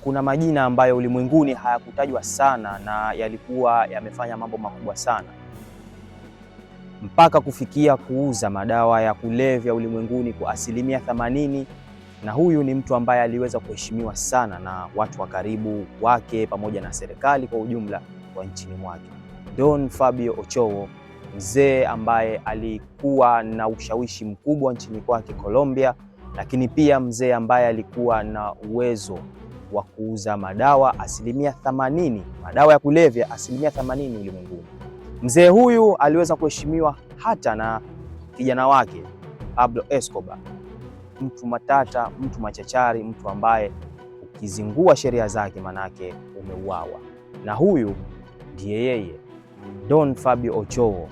Kuna majina ambayo ulimwenguni hayakutajwa sana na yalikuwa yamefanya mambo makubwa sana mpaka kufikia kuuza madawa ya kulevya ulimwenguni kwa asilimia 80, na huyu ni mtu ambaye aliweza kuheshimiwa sana na watu wa karibu wake pamoja na serikali kwa ujumla wa nchini mwake. Don Fabio Ochoa, mzee ambaye alikuwa na ushawishi mkubwa nchini kwake Colombia, lakini pia mzee ambaye alikuwa na uwezo wa kuuza madawa asilimia 80, madawa ya kulevya asilimia 80 ulimwenguni. Mzee huyu aliweza kuheshimiwa hata na kijana wake Pablo Escobar, mtu matata, mtu machachari, mtu ambaye ukizingua sheria zake manake umeuawa. Na huyu ndiye yeye Don Fabio Ochoa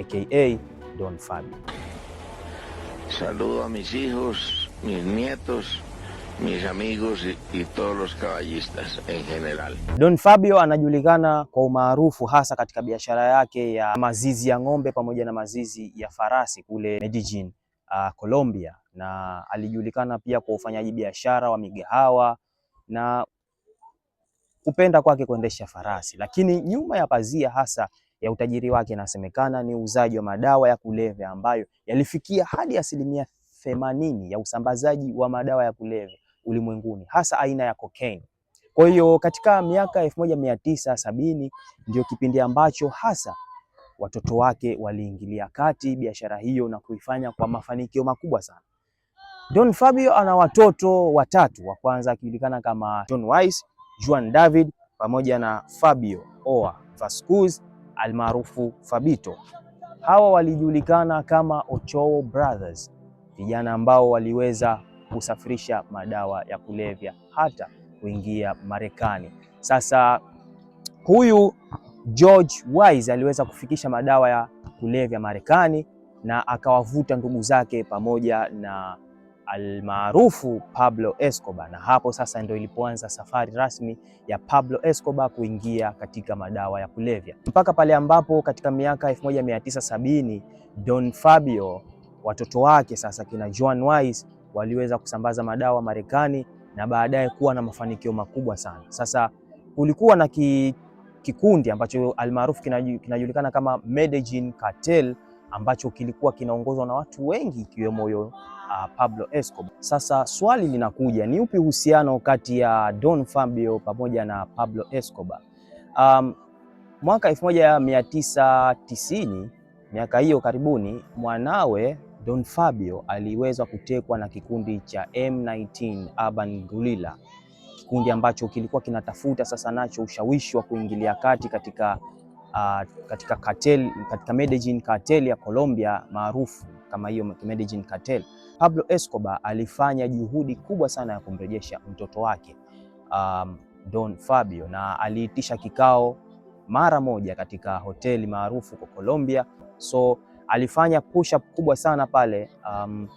aka Don Fabio. Saludo a mis hijos, mis nietos mis amigos y, y todos los caballistas en general. Don Fabio anajulikana kwa umaarufu hasa katika biashara yake ya mazizi ya ng'ombe pamoja na mazizi ya farasi kule Medellin, uh, Colombia na alijulikana pia kwa ufanyaji biashara wa migahawa na kupenda kwake kuendesha farasi, lakini nyuma ya pazia hasa ya utajiri wake inasemekana ni uuzaji wa madawa ya kulevya ambayo yalifikia hadi asilimia themanini ya usambazaji wa madawa ya kulevya ulimwenguni, hasa aina ya cocaine. Kwa hiyo katika miaka elfu moja mia tisa sabini ndio kipindi ambacho hasa watoto wake waliingilia kati biashara hiyo na kuifanya kwa mafanikio makubwa sana. Don Fabio ana watoto watatu, wa kwanza akijulikana kama John Wise, Juan David pamoja na Fabio Oa Vasquez almaarufu Fabito. Hawa walijulikana kama Ochoa Brothers, vijana ambao waliweza kusafirisha madawa ya kulevya hata kuingia Marekani. Sasa huyu George Wise aliweza kufikisha madawa ya kulevya Marekani na akawavuta ndugu zake pamoja na almaarufu Pablo Escobar, na hapo sasa ndio ilipoanza safari rasmi ya Pablo Escobar kuingia katika madawa ya kulevya mpaka pale ambapo katika miaka 1970 Don Fabio, watoto wake sasa kina Juan Wise waliweza kusambaza madawa Marekani na baadaye kuwa na mafanikio makubwa sana. Sasa kulikuwa na ki, kikundi ambacho almaarufu kinajulikana kama Medellin Cartel ambacho kilikuwa kinaongozwa na watu wengi ikiwemo huyo uh, Pablo Escobar. Sasa swali linakuja, ni upi uhusiano kati ya Don Fabio pamoja na Pablo Escobar? Um, mwaka 1990 miaka hiyo karibuni, mwanawe Don Fabio aliweza kutekwa na kikundi cha M19 Urban gulila kikundi ambacho kilikuwa kinatafuta sasa nacho ushawishi wa kuingilia kati katika uh, katika cartel, katika Medellin cartel ya Colombia maarufu kama hiyo Medellin cartel. Pablo Escobar alifanya juhudi kubwa sana ya kumrejesha mtoto wake um, Don Fabio na aliitisha kikao mara moja katika hoteli maarufu kwa Colombia so alifanya push up kubwa sana pale um,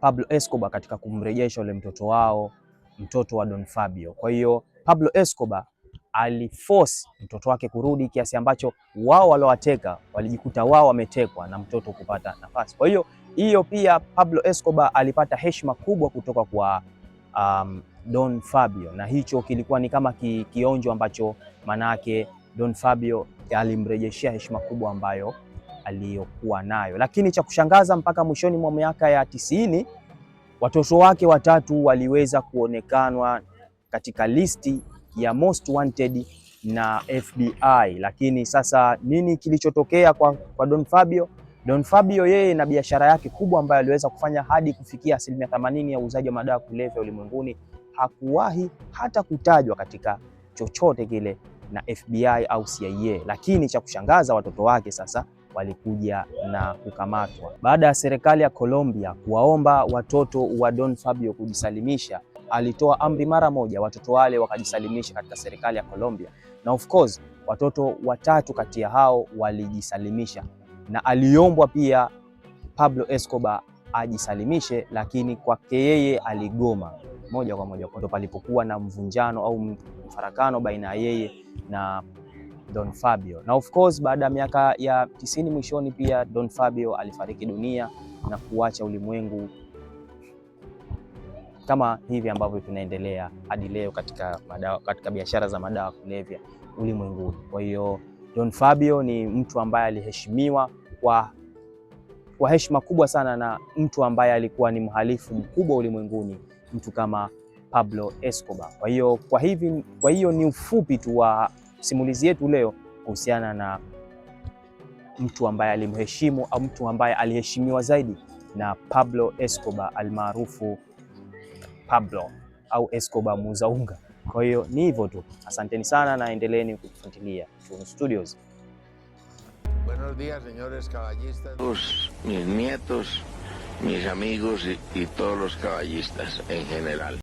Pablo Escobar katika kumrejesha ule mtoto wao, mtoto wa Don Fabio. Kwa hiyo Pablo Escobar aliforce mtoto wake kurudi kiasi ambacho wao waliowateka walijikuta wao wametekwa na mtoto kupata nafasi. Kwa hiyo hiyo pia Pablo Escobar alipata heshima kubwa kutoka kwa um, Don Fabio, na hicho kilikuwa ni kama ki, kionjo ambacho manake Don Fabio alimrejeshea heshima kubwa ambayo aliyokuwa nayo. Lakini cha kushangaza, mpaka mwishoni mwa miaka ya tisini watoto wake watatu waliweza kuonekanwa katika listi ya most wanted na FBI. Lakini sasa nini kilichotokea kwa, kwa Don Fabio? Don Fabio yeye na biashara yake kubwa ambayo aliweza kufanya hadi kufikia asilimia 80 ya uuzaji wa madawa kulevya ulimwenguni hakuwahi hata kutajwa katika chochote kile na FBI au CIA. Lakini cha kushangaza watoto wake sasa walikuja na kukamatwa. Baada ya serikali ya Colombia kuwaomba watoto wa Don Fabio kujisalimisha, alitoa amri mara moja watoto wale wakajisalimisha katika serikali ya Colombia, na of course watoto watatu kati ya hao walijisalimisha, na aliombwa pia Pablo Escobar ajisalimishe, lakini kwake yeye aligoma moja kwa moja, ndo palipokuwa na mvunjano au mfarakano baina ya yeye na Don Fabio. Na of course baada ya miaka ya tisini mwishoni pia Don Fabio alifariki dunia na kuacha ulimwengu kama hivi ambavyo tunaendelea hadi leo katika madawa, katika biashara za madawa kulevya ulimwenguni. Kwa hiyo Don Fabio ni mtu ambaye aliheshimiwa kwa kwa heshima kubwa sana na mtu ambaye alikuwa ni mhalifu mkubwa ulimwenguni, mtu kama Pablo Escobar. Kwa hiyo kwa hivi, kwa hiyo ni ufupi tu wa simulizi yetu leo kuhusiana na mtu ambaye alimheshimu au mtu ambaye aliheshimiwa zaidi na Pablo Escobar almaarufu Pablo au Escobar Muzaunga. Kwa hiyo ni hivyo tu, asanteni sana na endeleeni kufuatilia Tunu Studios. Buenos días, señores caballistas. Mis nietos, mis amigos y, y todos los caballistas en general.